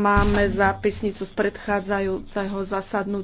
Máme zápisnicu z predchádzajúceho zasadnutia.